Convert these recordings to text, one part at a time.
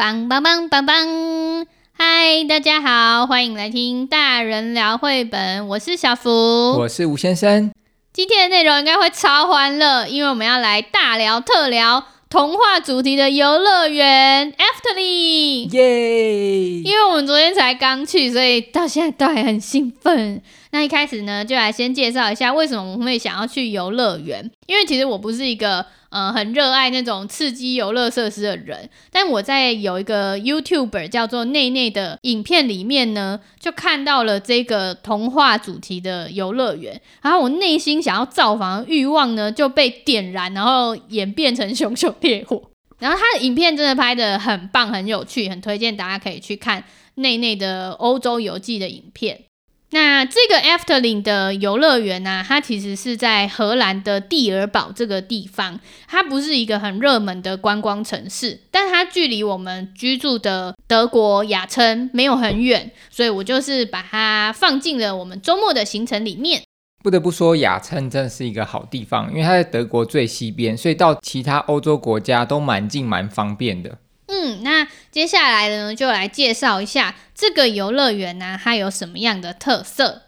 棒棒棒棒棒！嗨，大家好，歡迎來聽大人聊繪本。我是小福，我是吳先生。今天的內容應該會超歡樂，因為我們要來大聊特聊童話主題的遊樂園。Efteling，耶！Yay! 因為我們昨天才剛去，所以到現在都還很興奮。那一開始呢，就來先介紹一下為什麼我們會想要去遊樂園。因為其實我不是一個呃很熱愛那種刺激遊樂設施的人，但我在有一個 YouTuber 叫做內內的影片裡面呢，就看到了這個童話主題的遊樂園，然後我內心想要造訪的慾望呢就被點燃，然後演變成熊熊烈火。然後他的影片真的拍得很棒，很有趣，很推薦大家可以去看內內的歐洲遊記的影片。那這個 Efteling 的遊樂園呢，它其實是在荷蘭的蒂爾堡這個地方，它不是一個很熱門的觀光城市，但它距離我們居住的德國亞琛沒有很遠，所以我就是把它放進了我們週末的行程裡面。不得不說，亞琛真的是一個好地方，因為它在德國最西邊，所以到其他歐洲國家都蠻近，蠻方便的。嗯，那接下來呢，就來介紹一下這個遊樂園呢，它有什麼樣的特色？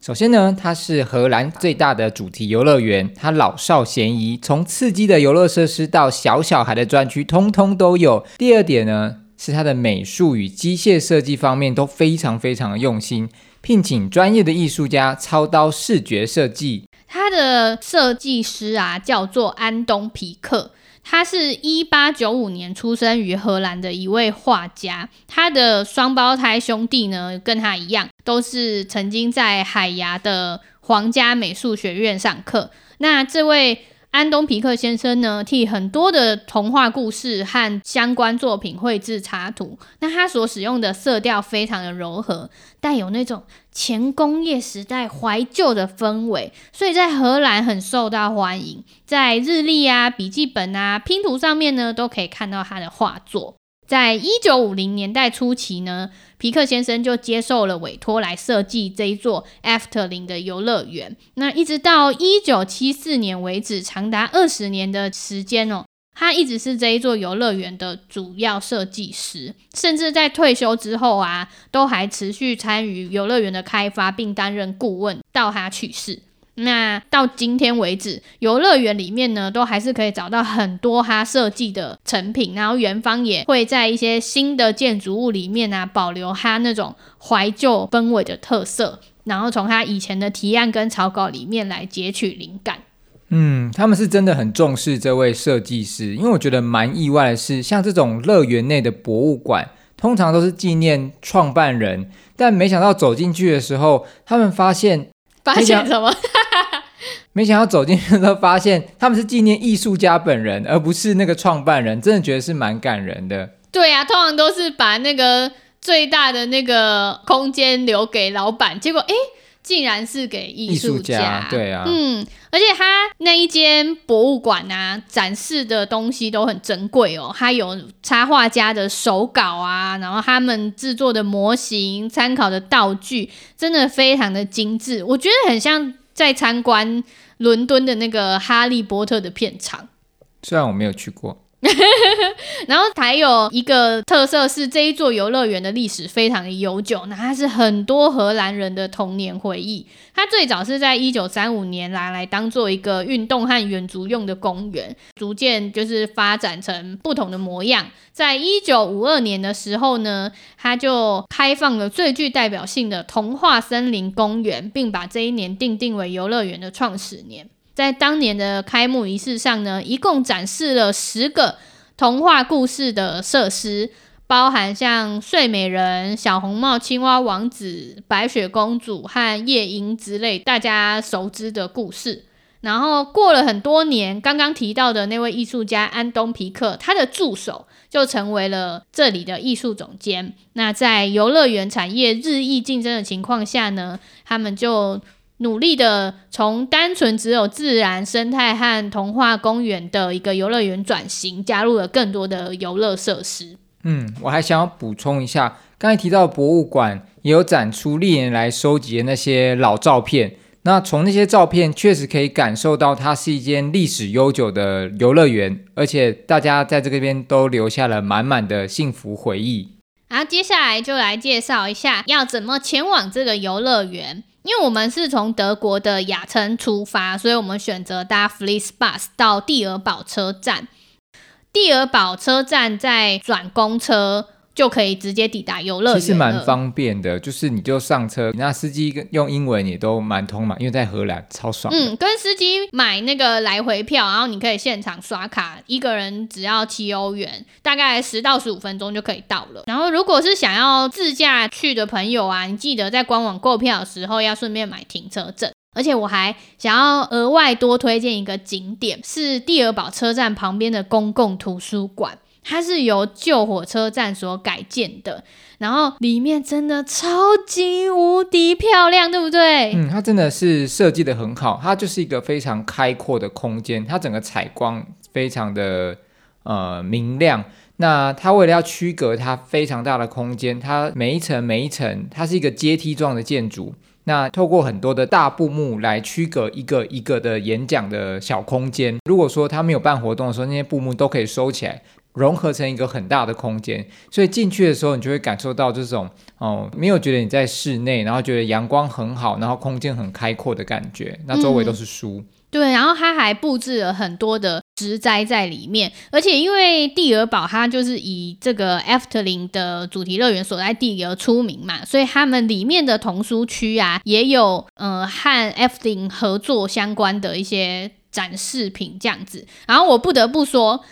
首先呢，它是荷蘭最大的主題遊樂園，它老少咸宜，從刺激的遊樂設施到小小孩的專區，通通都有。第二點呢，是它的美術與機械設計方面都非常非常的用心，聘請專業的藝術家操刀視覺設計。他的設計師啊，叫做安東·皮克，他是一八九五年出生於荷蘭的一位畫家。他的雙胞胎兄弟呢，跟他一樣，都是曾經在海牙的皇家美術學院上課。那這位。安東皮克先生呢，替很多的童話故事和相關作品繪製插圖。那他所使用的色調非常的柔和，帶有那種前工業時代懷舊的氛圍，所以在荷蘭很受到歡迎，在日曆啊、筆記本啊、拼圖上面呢，都可以看到他的畫作。在一九五零年代初期呢，皮克先生就接受了委托來設計這一座艾芙特林的遊樂園。那一直到一九七四年為止，長達二十年的時間哦，他一直是這一座遊樂園的主要設計師，甚至在退休之後啊，都還持續參與遊樂園的開發並，並擔任顧問，到他去世。那到今天為止，遊樂園裡面呢，都還是可以找到很多他設計的成品。然後園方也會在一些新的建築物裡面啊，保留他那種懷舊氛圍的特色，然後從他以前的提案跟草稿裡面來截取靈感。嗯，他們是真的很重視這位設計師，因為我覺得蠻意外的是，像這種樂園內的博物館，通常都是紀念創辦人，但沒想到走進去的時候，他們發現發現什麼？ 沒想到走進去之後，發現他們是紀念藝術家本人，而不是那個創辦人，真的覺得是蠻感人的。對啊，通常都是把那個最大的那個空間留給老闆，結果哎，竟然是給藝術，藝術家。對啊。嗯，而且他那一間博物館啊，展示的東西都很珍貴哦。他有插畫家的手稿啊，然後他們制作的模型、參考的道具，真的非常的精致，我覺得很像。在參觀倫敦的那個《哈利波特》的片場，雖然我沒有去過。 然後還有一個特色是，這一座遊樂園的歷史非常的悠久，那它是很多荷蘭人的童年回憶。它最早是在一九三五年拿來，來當做一個運動和遠足用的公園，逐漸就是發展成不同的模樣。在一九五二年的時候呢，它就開放了最具代表性的童話森林公園，並把這一年定定為遊樂園的創始年。在當年的開幕儀式上呢，一共展示了十個童話故事的設施，包含像《睡美人》《小紅帽》《青蛙王子》《白雪公主》和《夜鶯》之類大家熟知的故事。然後過了很多年，剛剛提到的那位藝術家安東·皮克，他的助手就成為了這裡的藝術總監。那在遊樂園產業日益競爭的情況下呢，他們就。努力的從單純只有自然生態和童話公園的一個遊樂園轉型，加入了更多的遊樂設施。嗯，我還想要補充一下，剛才提到博物館也有展出歷年來收集的那些老照片。那從那些照片確實可以感受到，它是一間歷史悠久的遊樂園，而且大家在這邊都留下了滿滿的幸福回憶。好，接下來就來介紹一下要怎麼前往這個遊樂園。因為我們是從德國的亞琛出發，所以我們選擇搭 FlixBus 到蒂爾堡車站。蒂爾堡車站再轉公車，就可以直接抵達遊樂園，其實蠻方便的，就是你就上車，那司機用英文也都蠻通嘛，因為在荷蘭超爽。嗯，跟司機買那個來回票，然後你可以現場刷卡，一個人只要七歐元，大概十到十五分鐘就可以到了。然後如果是想要自駕去的朋友啊，你記得在官網購票的時候要順便買停車證。而且我還想要額外多推薦一個景點，是蒂爾堡車站旁邊的公共圖書館。它是由舊火車站所改建的，然後裡面真的超級無敵漂亮，對不對？嗯，它真的是設計得很好，它就是一個非常開闊的空間，它整個採光非常的呃明亮。那它為了要區隔它非常大的空間，它每一層每一層它是一個階梯狀的建築，那透過很多的大布幕來區隔一個一個的演講的小空間。如果說它沒有辦活動的時候，那些布幕都可以收起來。融合成一個很大的空間，所以進去的時候，你就會感受到這種哦，沒有覺得你在室內，然後覺得陽光很好，然後空間很開闊的感覺。那周圍都是書，嗯、對。然後它還佈置了很多的植栽在裡面，而且因為蒂爾堡它就是以這個 Efteling 的主題樂園所在地而出名嘛，所以他們裡面的童書區啊，也有呃和 Efteling 合作相關的一些展示品這樣子。然後我不得不說。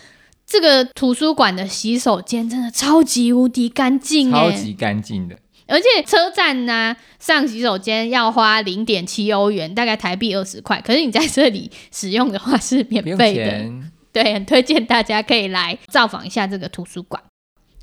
這個圖書館的洗手間真的超級無敵乾淨，超級乾淨的。而且車站呢，上洗手間要花零點七歐元，大概台幣二十塊。可是你在這裡使用的話是免費的，對，很推薦大家可以來造訪一下這個圖書館。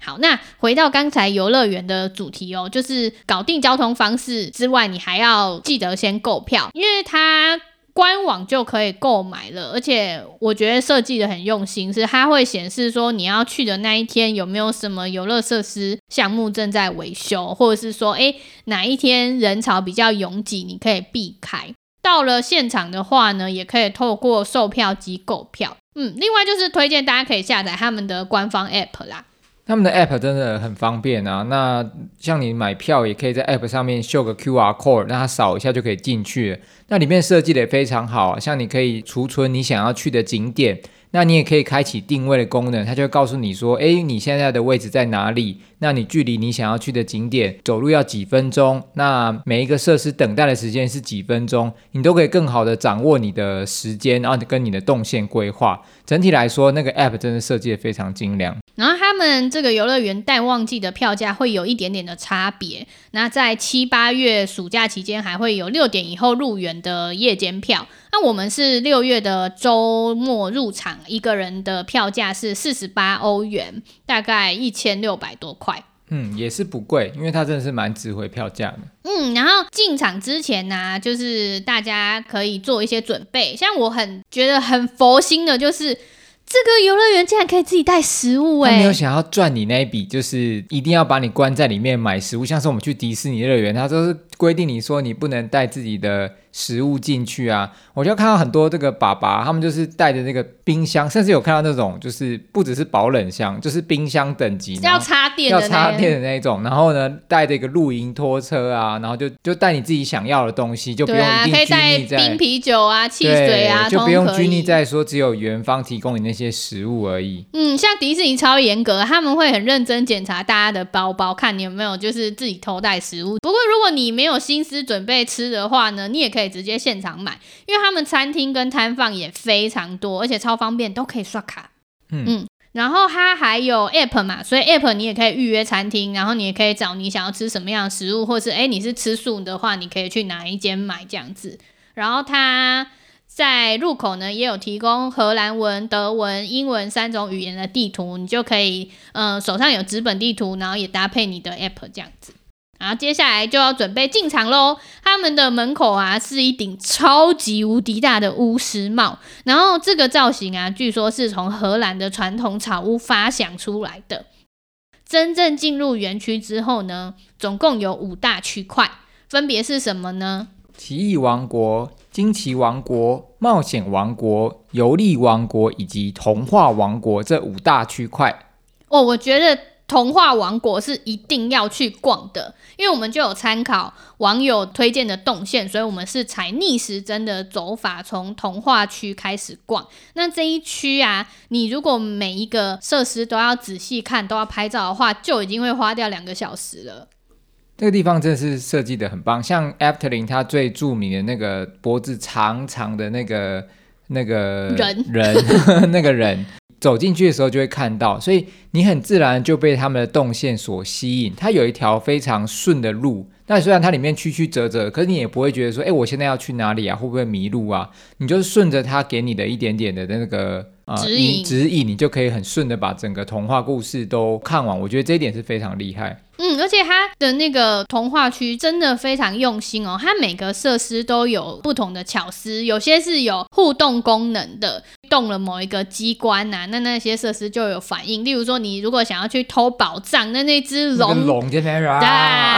好，那回到剛才遊樂園的主題哦，就是搞定交通方式之外，你還要記得先購票，因為它。官網就可以購買了，而且我覺得設計得很用心，是它會顯示說你要去的那一天有沒有什麼遊樂設施項目正在維修，或者是說，誒、欸、哪一天人潮比較擁擠，你可以避開。到了現場的話呢，也可以透過售票機購票。嗯，另外就是推薦大家可以下載他們的官方 app 啦。他們的 app 真的很方便啊！那像你買票也可以在 app 上面秀個 QR code，讓它掃一下就可以進去了。那裡面設計的也非常好啊，像你可以儲存你想要去的景點，那你也可以開啟定位的功能，它就會告訴你說，誒、欸，你現在的位置在哪裡？那你距離你想要去的景點走路要幾分鐘？那每一個設施等待的時間是幾分鐘？你都可以更好的掌握你的時間，然後跟你的動線規劃。整體來說，那個 app 真的設計的非常精良。然後他們這個遊樂園淡旺季的票價會有一點點的差別。那在七八月暑假期間，還會有六點以後入園的夜間票。那我們是六月的週末入場，一個人的票價是四十八歐元，大概一千六百多塊。嗯，也是不貴，因為它真的是蠻值回票價的。嗯，然後進場之前呢、啊，就是大家可以做一些準備。像我很覺得很佛心的，就是。這個游樂園竟然可以自己帶食物哎、欸！他沒有想要賺你那一筆，就是一定要把你關在裡面買食物，像是我們去迪士尼樂園，他都、就是。規定你說你不能帶自己的食物進去啊！我就看到很多這個爸爸，他們就是帶着那個冰箱，甚至有看到那種就是不只是保冷箱，就是冰箱等級要插電，要插電的那種。那一種 然後呢，帶着一個露營拖車啊，然後就就帶你自己想要的東西，就不用拘泥在，對啊，可以帶冰啤酒啊、汽水啊，就不用拘泥在說只有園方提供你那些食物而已。嗯，像迪士尼超嚴格，他們會很認真檢查大家的包包，看你有沒有就是自己偷帶食物。不過如果你沒有沒有心思準備吃的話呢，你也可以直接現場買，因為他們餐廳跟攤販也非常多，而且超方便，都可以刷卡。嗯，嗯，然後它還有 app 嘛，所以 app 你也可以預約餐廳，然後你也可以找你想要吃什麼樣的食物，或是誒，你是吃素的話，你可以去哪一間買這樣子。然後它在入口呢也有提供荷蘭文、德文、英文三種語言的地圖，你就可以嗯、呃、手上有紙本地圖，然後也搭配你的 app 這樣子。然後接下來就要準備進場嘍。他們的門口啊，是一頂超級無敵大的巫師帽，然後這個造型啊，據說是從荷蘭的傳統草屋發想出來的。真正進入園區之後呢，總共有五大區塊，分別是什麼呢？奇異王國、驚奇王國、冒險王國、遊歷王國以及童話王國這五大區塊。哦，我覺得。童話王國是一定要去逛的，因為我們就有參考網友推薦的動線，所以我們是採逆時針的走法，從童話區開始逛。那這一區啊，你如果每一個設施都要仔細看，都要拍照的話，就已經會花掉兩個小時了。這個地方真的是設計得很棒，像 Efteling，它最著名的那個脖子長長的那個那個人，那個人。人 走進去的時候就會看到，所以你很自然就被他們的動線所吸引。它有一條非常順的路，但雖然它裡面曲曲折折，可是你也不會覺得說，哎、欸，我現在要去哪裡啊？會不會迷路啊？你就是順着他給你的一點點的那個指引，呃、指引你，你就可以很順的把整個童話故事都看完。我覺得這一點是非常厲害。嗯，而且它的那個童話區真的非常用心哦，它每個設施都有不同的巧思，有些是有互動功能的，動了某一個機關吶、啊，那那些設施就有反應。例如說，你如果想要去偷寶藏，那那隻龍，那個、龍那啊，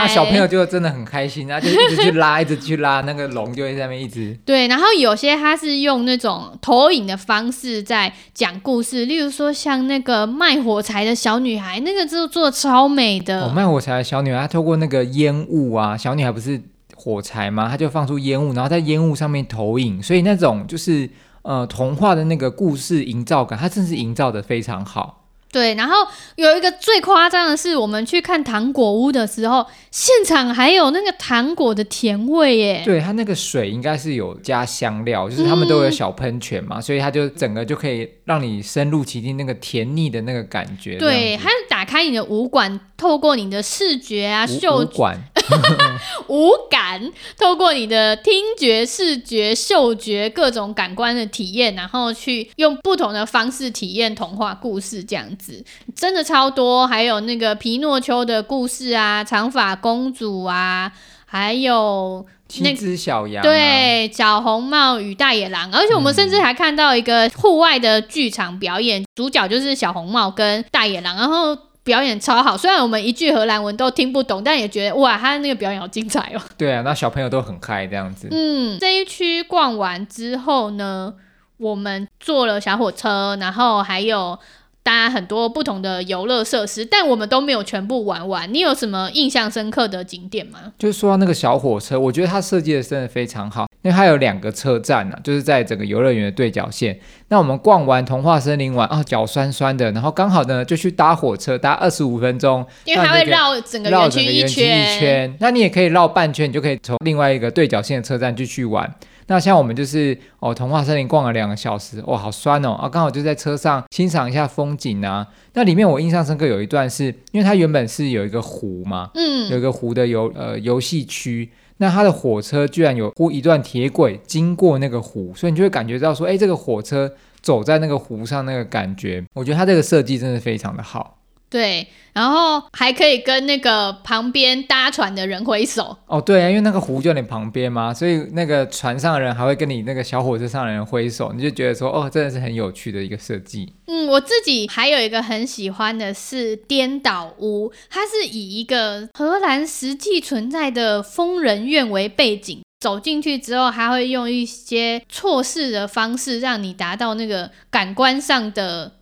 啊，小朋友就真的很開心、啊，他就一直去拉， 一直去拉，那個龍就在那邊一直。對，然後有些它是用那種投影的方式在講故事，例如說像那個賣火柴的小女孩，那個就做得超美的。哦火柴小女孩她透過那個煙霧啊，小女孩不是火柴嗎？她就放出煙霧，然後在煙霧上面投影，所以那種就是呃童話的那個故事營造感，它真的是營造的非常好。對，然後有一個最誇張的是，我們去看糖果屋的時候，現場還有那個糖果的甜味耶。對，它那個水應該是有加香料，就是他們都有小噴泉嘛，嗯、所以它就整個就可以讓你深入其境那個甜膩的那個感覺。對，它是打開你的五官，透過你的視覺啊，嗅覺。 無感，透過你的聽覺、視覺、嗅覺各種感官的體驗，然後去用不同的方式體驗童話故事，這樣子真的超多。還有那個皮諾丘的故事啊，長髮公主啊，還有那個、七隻小羊啊，對，小紅帽與大野狼。而且我們甚至還看到一個戶外的劇場表演、嗯，主角就是小紅帽跟大野狼，然後。表演超好，雖然我們一句荷蘭文都聽不懂，但也覺得哇，他那個表演好精彩哦。對啊，那小朋友都很嗨，這樣子。嗯，這一區逛完之後呢，我們坐了小火車，然後還有搭很多不同的遊樂設施，但我們都沒有全部玩完。你有什麼印象深刻的景點嗎？就是說到那個小火車，我覺得它設計的真的非常好。因為它有兩個車站、啊、就是在整個遊樂園的對角線。那我們逛完童話森林玩啊、哦，腳酸酸的，然後剛好呢就去搭火車，搭二十五分鐘，因為它會繞整個園區繞個一圈。那你也可以繞半圈，你就可以從另外一個對角線的車站繼續玩。那像我們就是哦，童話森林逛了兩個小時，哇、哦，好酸哦！啊，剛好就在車上欣賞一下風景啊。那裡面我印象深刻有一段是，是因為它原本是有一個湖嘛，嗯，有一個湖的遊呃遊戲區。那它的火車居然有鋪一段鐵軌經過那個湖，所以你就會感覺到說，哎、欸，這個火車走在那個湖上那個感覺，我覺得它這個設計真的非常的好。對，然後還可以跟那個旁邊搭船的人揮手哦，對啊，因為那個湖就你旁邊嘛，所以那個船上的人還會跟你那個小火車上的人揮手，你就覺得說哦，真的是很有趣的一個設計。嗯，我自己還有一個很喜歡的是顛倒屋，它是以一個荷蘭實際存在的瘋人院為背景，走進去之後還會用一些錯視的方式讓你達到那個感官上的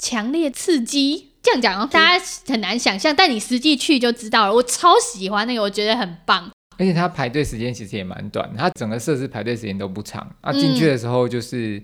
強烈刺激。這樣講，大家很難想象，但你實際去就知道了。我超喜歡那個，我覺得很棒，而且它排隊時間其實也蠻短，它整個設施排隊時間都不長。嗯、啊，進去的時候就是，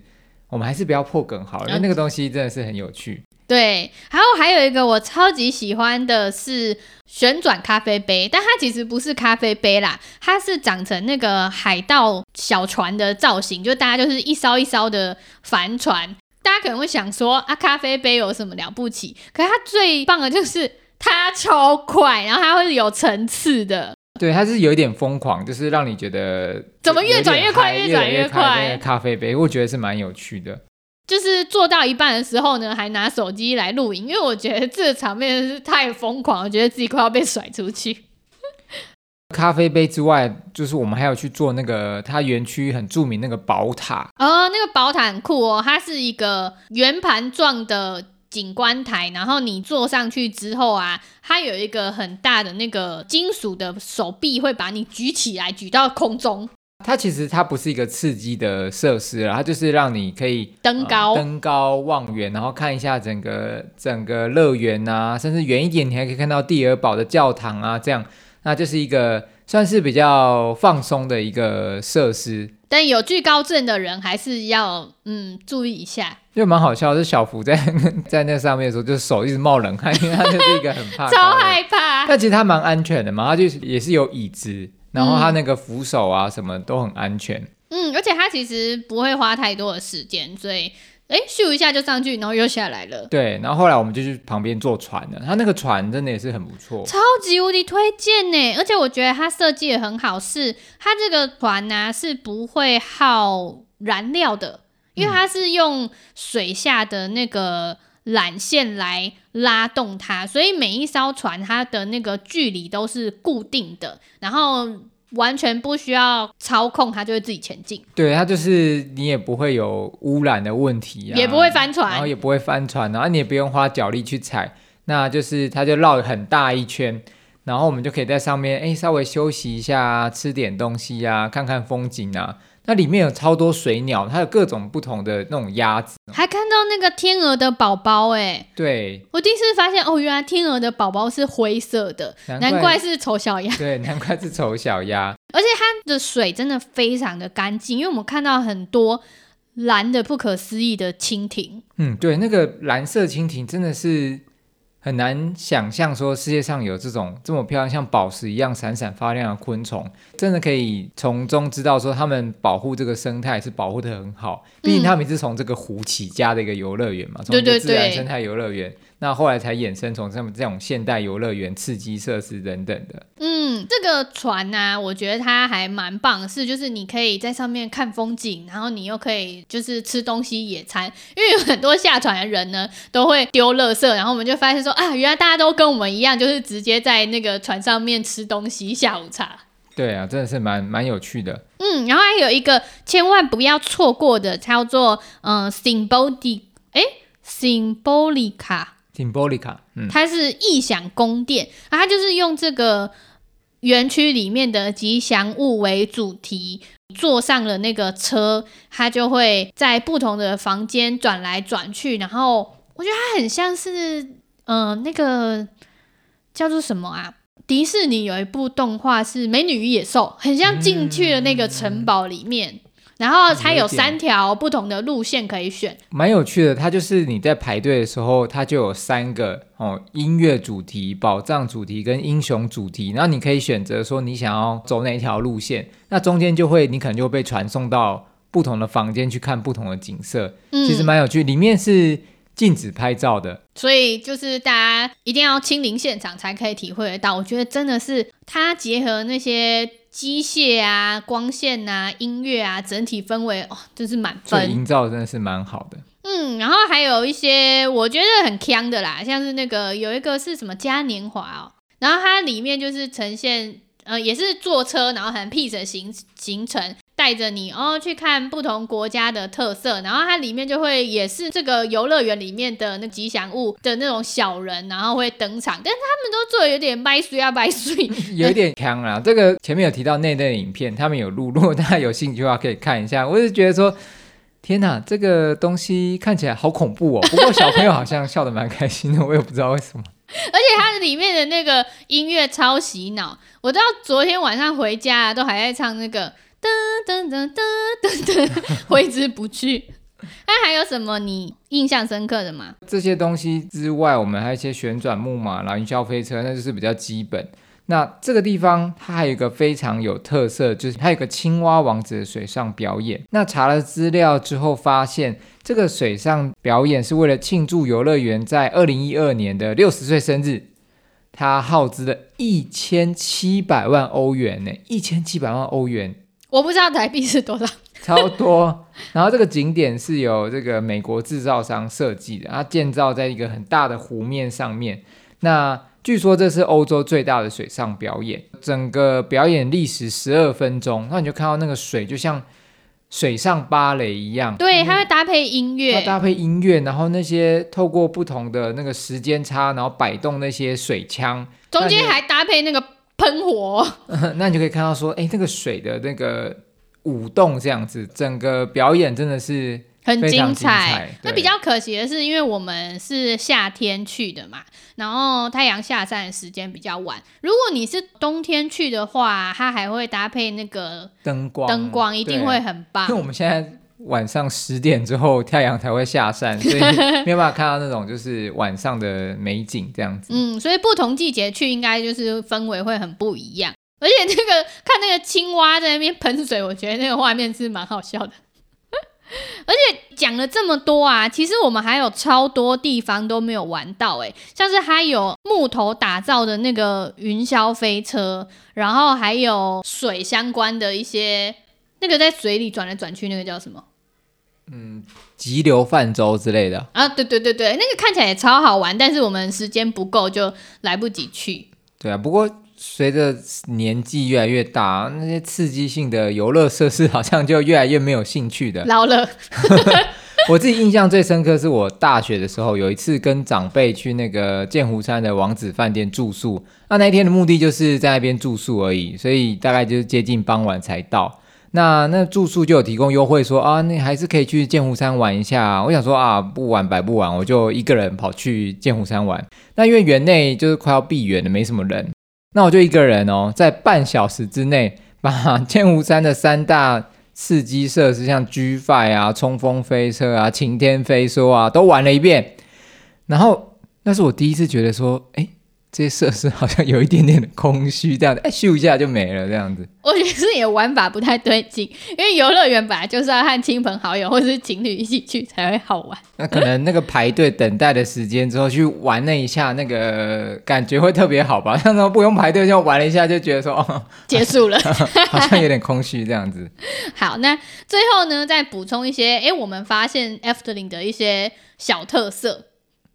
我們還是不要破梗好了，因、嗯、為那個東西真的是很有趣。對，然後還有一個我超級喜歡的是旋轉咖啡杯，但它其實不是咖啡杯啦，它是長成那個海盜小船的造型，就大家就是一艘一艘的帆船。大家可能會想說啊，咖啡杯有什麼了不起？可是它最棒的就是它超快，然後它會有層次的。對，它是有一點瘋狂，就是讓你覺得怎麼越轉越快，越轉越快。那個咖啡杯，我覺得是蠻有趣的。就是做到一半的時候呢，還拿手機來錄影，因為我覺得這個場面是太瘋狂，我覺得自己快要被甩出去。咖啡杯之外，就是我們還有去做那個它園區很著名那個寶塔呃，那個寶塔很酷哦，它是一個圓盤狀的景觀台，然後你坐上去之後啊，它有一個很大的那個金屬的手臂會把你舉起來，舉到空中。它其實它不是一個刺激的設施啦，它就是讓你可以登高、登、呃、高望遠，然後看一下整個整個樂園啊，甚至遠一點，你還可以看到蒂爾堡的教堂啊，這樣。那就是一個算是比較放鬆的一個設施，但有懼高症的人還是要嗯注意一下，因為蠻好笑，是小福在在那上面的時候，就手一直冒冷汗， 因為他就是一個很怕高，超害怕。但其實他蠻安全的嘛，他就也是有椅子、嗯，然後他那個扶手啊什麼都很安全。嗯，而且他其實不會花太多的時間，所以。誒，咻一下就上去，然後又下來了。對，然後後來我們就去旁邊坐船了。它那個船真的也是很不錯，超級無敵推薦呢！而且我覺得它設計也很好，是它這個船呢、啊、是不會耗燃料的，因為它是用水下的那個纜線來拉動它、嗯，所以每一艘船它的那個距離都是固定的。然後。完全不需要操控，它就會自己前進。對，它就是你也不會有污染的問題啊，也不會翻船，然後也不會翻船，然後你也不用花腳力去踩，那就是它就繞很大一圈。然後我們就可以在上面哎，稍微休息一下，吃點東西呀，啊，看看風景啊。那裡面有超多水鳥，它有各種不同的那種鴨子，還看到那個天鵝的寶寶哎。對，我第一次發現哦，原來天鵝的寶寶是灰色的難，難怪是醜小鴨。對，難怪是醜小鴨。 而且它的水真的非常的乾淨，因為我們看到很多藍的不可思議的蜻蜓。嗯，對，那個藍色蜻蜓真的是。很難想象說世界上有這種這麼漂亮，像寶石一樣閃閃發亮的昆蟲，真的可以從中知道說他們保護這個生態是保護得很好。畢竟他們是從這個湖起家的一個遊樂園嘛，從自然生態遊樂園。嗯對對對那後來才衍生從這麼這種現代遊樂園刺激設施等等的。嗯，這個船呢、啊，我覺得它還蠻棒的，是就是你可以在上面看風景，然後你又可以就是吃東西野餐，因為有很多下船的人呢都會丟垃圾，然後我們就發現說啊，原來大家都跟我們一樣，就是直接在那個船上面吃東西下午茶。對啊，真的是蠻蠻有趣的。嗯，然後還有一個千萬不要錯過的叫做嗯、呃、Symbolic，哎，Symbolica。Symbolica，嗯、它是異想宮殿啊，它就是用這個園區裡面的吉祥物為主題，坐上了那個車，它就會在不同的房間轉來轉去，然後我覺得它很像是，嗯、呃，那個叫做什麼啊？迪士尼有一部動畫是《美女與野獸》，很像進去的那個城堡裡面。嗯嗯然後它有三條不同的路線可以選，蠻有趣的。它就是你在排隊的時候，它就有三個哦，音樂主題、寶藏主題跟英雄主題，然後你可以選擇說你想要走哪一條路線。那中間就會你可能就被傳送到不同的房間去看不同的景色，嗯、其實蠻有趣。裡面是。禁止拍照的，所以就是大家一定要親臨現場才可以體會得到。我覺得真的是它結合那些機械啊、光線啊、音樂啊，整體氛圍哦，真是滿分。營造真的是蠻好的。嗯，然後還有一些我覺得很香的啦，像是那個有一個是什麼嘉年華哦、喔，然後它裡面就是呈現呃，也是坐車，然後很屁的行行程。帶着你哦去看不同國家的特色，然後它裡面就會也是這個遊樂園裡面的那吉祥物的那種小人，然後會登場。但是他們都做的有點賣水啊賣水，有點強啊。這個前面有提到那段影片，他們有錄，如果大家有興趣的話可以看一下。我是覺得說，天哪，這個東西看起來好恐怖哦。不過小朋友好像笑得蠻開心的， 我也不知道為什麼。而且它裡面的那個音樂超洗腦，我到昨天晚上回家，啊，都還在唱那個，噔噔噔噔噔噔，揮之不去。那還有什麼你印象深刻的嗎？這些東西之外，我們還有一些旋轉木馬、然後雲霄飛車，那就是比較基本。那這個地方它還有一個非常有特色，就是它有個青蛙王子的水上表演。那查了資料之後，發現這個水上表演是為了慶祝遊樂園在二零一二年的六十歲生日。它耗資了一千七百萬歐元呢，一千七百萬歐元。我不知道台幣是多少，超多。 然後這個景點是由這個美國製造商設計的，它建造在一個很大的湖面上面。那據說這是歐洲最大的水上表演，整個表演歷時十二分鐘。那你就看到那個水就像水上芭蕾一樣，對，它會搭配音樂，它搭配音樂，然後那些透過不同的那個時間差，然後擺動那些水槍，中間還搭配那個。噴火， 那你就可以看到說，哎、欸，這、那個水的那個舞動這樣子，整個表演真的是非常精彩，很精彩。那比較可惜的是，因為我們是夏天去的嘛，然後太陽下山的時間比較晚。如果你是冬天去的話，它還會搭配那個燈光，燈光，燈光一定會很棒。因為我們現在。晚上十點之後，太陽才會下山，所以沒有辦法看到那種就是晚上的美景這樣子。 嗯，所以不同季節去，應該就是氛圍會很不一樣。而且那個看那個青蛙在那邊噴水，我覺得那個畫面是蠻好笑的。 而且講了這麼多啊，其實我們還有超多地方都沒有玩到哎、欸，像是還有木頭打造的那個雲霄飛車，然後還有水相關的一些，那個在水裡轉來轉去，那個叫什麼？嗯，急流泛舟之類的啊，對對對對，那個看起來也超好玩，但是我們時間不夠，就來不及去。對啊，不過隨着年紀越來越大，那些刺激性的遊樂設施好像就越來越沒有興趣的。老了， 我自己印象最深刻是我大學的時候有一次跟長輩去那個劍湖山的王子飯店住宿，那那一天的目的就是在那邊住宿而已，所以大概就是接近傍晚才到。那那住宿就有提供優惠說，說啊，你還是可以去劍湖山玩一下啊。我想說啊，不玩白不玩，我就一個人跑去劍湖山玩。那因為園內就是快要閉園了，沒什麼人，那我就一個人哦，在半小時之內把劍湖山的三大刺激設施，像 G5 啊、衝鋒飛車啊、擎天飛梭啊，都玩了一遍。然後那是我第一次覺得說，哎、欸。這些設施好像有一點點的空虛這樣子哎，咻、欸、一下就沒了，這樣子。我覺得是也玩法不太對勁，因為遊樂園本來就是要和親朋好友或是情侶一起去才會好玩。那可能那個排隊等待的時間之後去玩那一下，那個感覺會特別好吧？像說不用排隊就玩了一下，就覺得說哦，結束了，啊啊，好像有點空虛這樣子。 好，那最後呢，再補充一些，哎、欸，我們發現 Efteling 的一些小特色。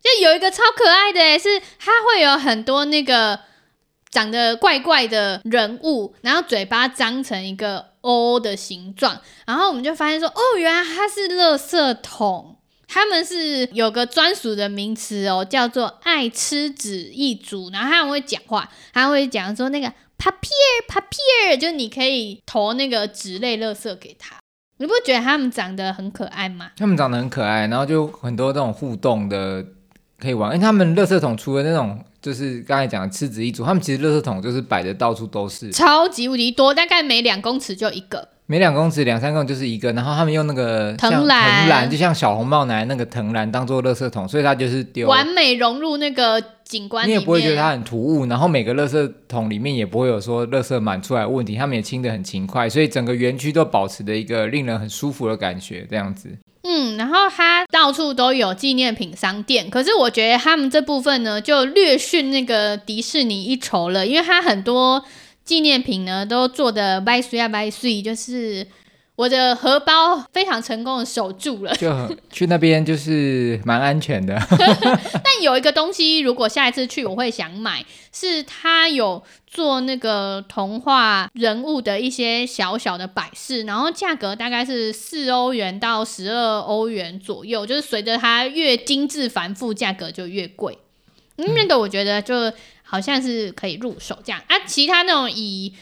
就有一個超可愛的是，它會有很多那個長得怪怪的人物，然後嘴巴張成一個 O 的形狀，然後我們就發現說哦，原來它是垃圾桶。他們是有個專屬的名詞哦，叫做愛吃紙一族。然後他們會講話，還會講說那個 Papier Papier，就你可以投那個紙類垃圾給它。你不覺得他們長得很可愛嗎？他們長得很可愛，然後就很多這種互動的。可以玩，因、欸、為他們垃圾桶除了那種，就是剛才講的吃紙一族，他們其實垃圾桶就是擺的到處都是，超級無敵多，大概每兩公尺就一個，每兩公尺兩三公尺就是一個，然後他們用那個藤籃，藤籃就像小紅帽拿那個藤籃當做垃圾桶，所以它就是丟，完美融入那個景觀裡面。你也不會覺得它很突兀，然後每個垃圾桶裡面也不會有說垃圾滿出來的問題，他們也清得很勤快，所以整個園區都保持着一個令人很舒服的感覺，這樣子。然後它到處都有紀念品商店，可是我覺得他們這部分呢，就略遜那個迪士尼一籌了，因為它很多紀念品呢都做的 b y three 啊 b y three，就是。我的荷包非常成功的守住了就，就 去那邊就是蠻安全的 。但有一個東西，如果下一次去，我會想買，是它有做那個童話人物的一些小小的擺飾，然後價格大概是四歐元到十二歐元左右，就是隨着它越精緻繁複，價格就越貴。嗯嗯、那個、個、我覺得就好像是可以入手這樣啊，其他那種以。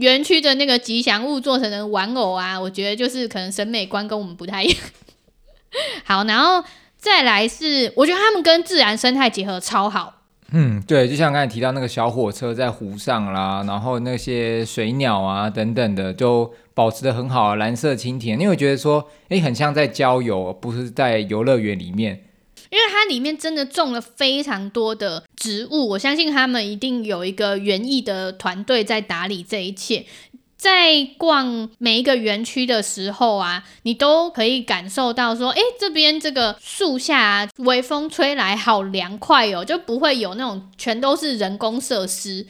園區的那個吉祥物做成的玩偶啊，我覺得就是可能審美觀跟我們不太一樣。 好，然後再來是，我覺得他們跟自然生態結合超好。嗯，對，就像剛才提到那個小火車在湖上啦，然後那些水鳥啊等等的都保持得很好，藍色蜻蜓，因你會覺得說，誒、欸，很像在郊遊，不是在遊樂園裡面。因為它裡面真的種了非常多的植物，我相信他們一定有一個園藝的團隊在打理這一切。在逛每一個園區的時候啊，你都可以感受到說，哎，這邊這個樹下啊，微風吹來，好涼快哦，就不會有那種全都是人工設施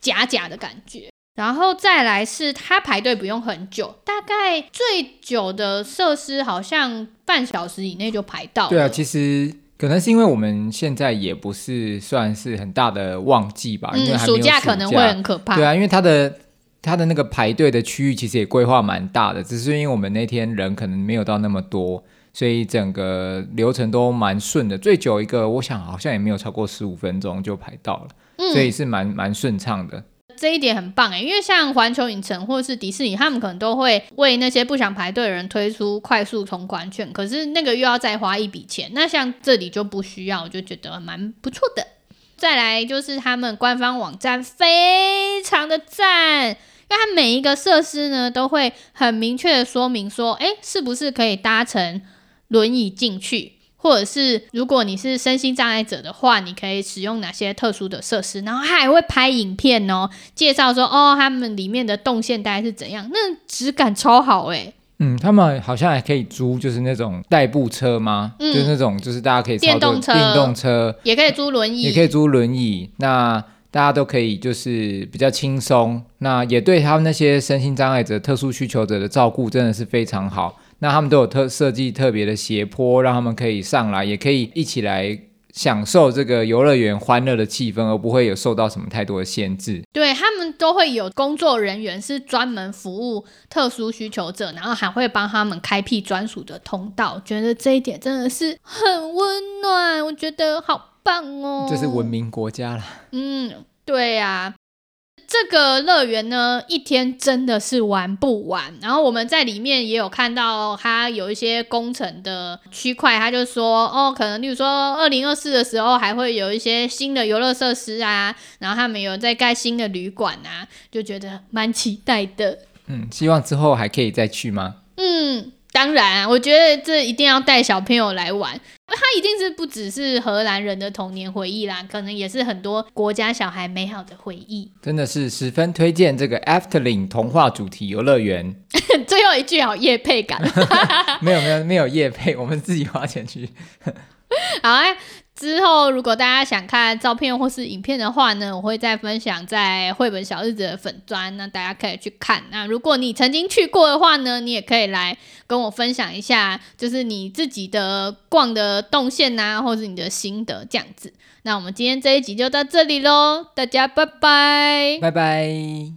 假假的感覺。然後再來是它排隊不用很久，大概最久的設施好像半小時以內就排到。對啊，其實。可能是因為我們現在也不是算是很大的旺季吧，嗯、因為還沒有暑假，暑假可能會很可怕。對啊，因為他的它的那個排隊的區域其實也規劃蠻大的，只是因為我們那天人可能沒有到那麼多，所以整個流程都蠻順的。最久一個，我想好像也沒有超過十五分鐘就排到了，嗯、所以是蠻蠻順暢的。這一點很棒誒，因為像環球影城或是迪士尼，他們可能都會為那些不想排隊的人推出快速通關券，可是那個又要再花一筆錢。那像這裡就不需要，我就覺得蠻不錯的。再來就是他們官方網站非常的讚，因為它每一個設施呢都會很明確的說明說，誒，是不是可以搭乘輪椅進去？或者是如果你是身心障礙者的話，你可以使用哪些特殊的設施？然後他還會拍影片哦，介紹說哦，他們裡面的動線大概是怎樣，那質感超好哎。嗯，他們好像還可以租，就是那種代步車嗎？嗯、就是那種，就是大家可以電動車、電動車、嗯、也可以租輪椅，也可以租輪椅。那大家都可以就是比較輕鬆，那也對他們那些身心障礙者、特殊需求者的照顧真的是非常好。那他們都有特設計特別的斜坡，讓他們可以上來，也可以一起來享受這個遊樂園歡樂的氣氛，而不會有受到什麼太多的限制。對，他們都會有工作人員是專門服務特殊需求者，然後還會幫他們開闢專屬的通道。覺得這一點真的是很溫暖，我覺得好棒哦！這是文明國家啦。嗯，對呀、啊。這個樂園呢，一天真的是玩不完。然後我們在裡面也有看到，它有一些工程的區塊，他就說哦，可能例如說二零二四的時候，還會有一些新的遊樂設施啊。然後他們有在蓋新的旅館啊，就覺得蠻期待的。嗯，希望之後還可以再去嗎？嗯。當然、啊，我覺得這一定要帶小朋友來玩，他一定是不只是荷蘭人的童年回憶啦，可能也是很多國家小孩美好的回憶。真的是十分推薦這個 Efteling 童話主題遊樂園。 最後一句好業配感， 沒有沒有沒有業配，我們自己花錢去。啊、 欸。之後，如果大家想看照片或是影片的話呢，我會再分享在繪本小日子的粉專，那大家可以去看。那如果你曾經去過的話呢，你也可以來跟我分享一下，就是你自己的逛的動線吶、啊，或是你的心得這樣子。那我們今天這一集就到這裡嘍，大家拜拜，拜拜。